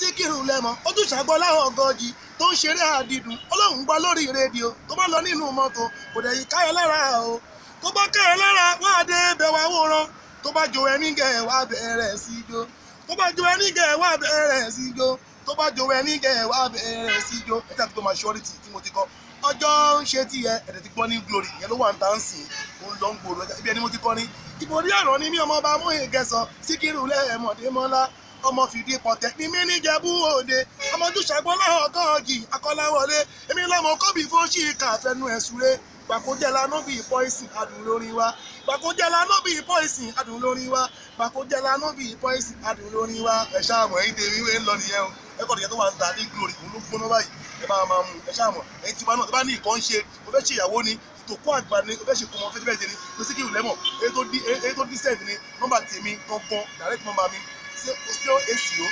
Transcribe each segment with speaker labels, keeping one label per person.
Speaker 1: síkírù lẹ́mọ ó tún ṣàgbọ́lá ọ̀gọ́jì tó ń ṣeré àdìdùn ọlọ́run gbọ́ lórí rédíò tó bá lọ nínú mọ́tò kò dẹ̀ káyọ̀ lára o tó bá káyọ̀ lára wá dé bẹ̀ wá wòran tó bá jo ẹni gẹ̀ wá bẹ̀rẹ̀ sí jó tó bá jo ẹni gẹ̀ wá bẹ̀rẹ̀ sí jó tó bá jo ẹni gẹ̀ wá bẹ̀rẹ̀ sí jó ẹ tó máa ṣọ́rí tì tí mo ti kọ́ ọjọ́ ń ṣe tiẹ̀ ẹ̀dẹ̀ ti gbọ́ ní glory ìyẹn ló wà ń dáǹsì ó ń lọ ń gbòòrò ibi ẹni mo ti kọ́ ni ìbòrí ọ̀rọ̀ ni mí ọmọ ọba amóhìn gẹ̀sọ̀ síkírù lẹ́ẹ̀mọ̀dé mọ́lá ọmọ fìdí pọ̀tẹ́ ní mí níjẹ̀bú òde ọmọ jùṣàgbọ́n náà ọgọ́ọ̀gì akọ́láwọlé èmi lọ́mọ kóbì fún ṣìkà fẹnu ẹ̀sùrẹ́ gbàkójẹ́lá nóbì ìpọ́ ìsìn adùn lórí wa gbàkójẹ́lá nóbì ìpọ́ ìsìn adùn lórí wa gbàkójẹ́lá nóbì ìpọ́ ìsìn adùn lórí wa. ẹ ṣáàmọ̀ ẹ̀yin tèmi wé lọ nìyẹn o ẹ kọ́ nìyẹn tó wà ń ta ní glory ló gbóná báyìí ẹ bá máa mú ẹ ṣáàmọ̀ ẹ̀yin tiwa náà tó bá ní ìkọ́ ń ṣe mo fẹ́ ṣèyàwó ni ìtòkọ́ àgbà ni mo fẹ́ ṣe kọ́ mọ́ fẹ́ zero eight zero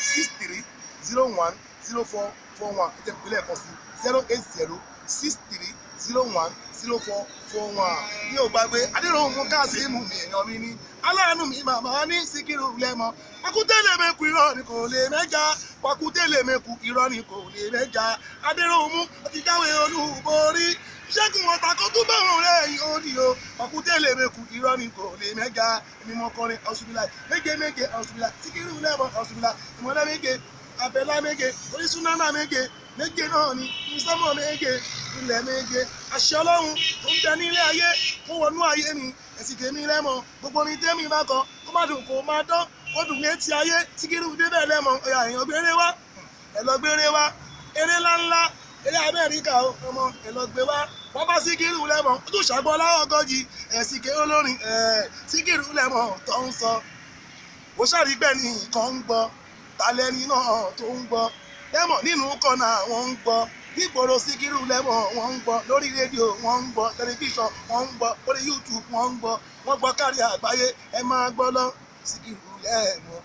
Speaker 1: six three zero one zero four four one ẹ jẹ́ ìpínlẹ̀ ẹ̀kan sí zero eight zero six three zero one zero four four one. mi ò gbàgbé adéròhùn mú káàsì mú mi èèyàn mi ní aláàánú mi màmá ní síkírù lẹ́mọ. pàkútẹ́lẹ̀ mẹ́kù irọ́ ni kò lè mẹ́jà pàkútẹ́lẹ̀ mẹ́kù irọ́ ni kò lè mẹ́jà adéròhùn mú àti jáwé olúborí ṣẹ́gun ọ̀tà kan tún bẹ̀rù rẹ̀ yóò ní o ọ̀kútẹ́ lè mẹ́kù irọ́ ni kò lè mẹ́ga mímọ́ kọrin ọ̀ṣunbílà méje méje ọ̀ṣunbílà síkírù lẹ́bọ̀ ọ̀ṣunbílà ìmọ̀lá méje abẹ́lá méje oríṣunáná méje méje náà ni ìsọ́mọ̀ méje ilẹ̀ méje àṣẹ ọlọ́run tó ń bẹ nílé ayé kó wọnú ayé mi ẹ̀sìn tèmi lẹ́mọ̀ gbogbo ní tèmi bá kọ kó má dùn kó má dán ó dùn ní etí ayé síkírù débẹ̀ lẹ́mọ̀ ẹ̀yà èèyàn gbére wá ẹ̀ lọ gbére wá eré ńláńlá eré amẹ́ríkà ọmọ ẹ̀lọ́gbẹ́ wá wọ́n bá síkírù lẹ́mọ̀ ó tún ṣàgbọ́ láwọn ọgọ́jì ẹ̀ síkè olórin ẹ̀ síkírù lẹ́mọ̀ tó ń sọ ó ṣàrígbẹ́ ní nǹkan ń gbọ́ talẹ́ni náà tó ń gbọ́ lẹ́mọ̀ nínú kọ́nà àwọn ń gbọ́ nígboro síkírù lẹ́mọ̀ wọ́n ń gbọ́ lórí rédíò wọ́n ń gbọ́ tẹlifíṣàn wọ́n ń gbọ́ lórí youtube wọ́n ń gbọ́ wọ́n gbọ́ kárí àgbáyé ẹ máa gbọ́ lọ síkírù lẹ́mọ̀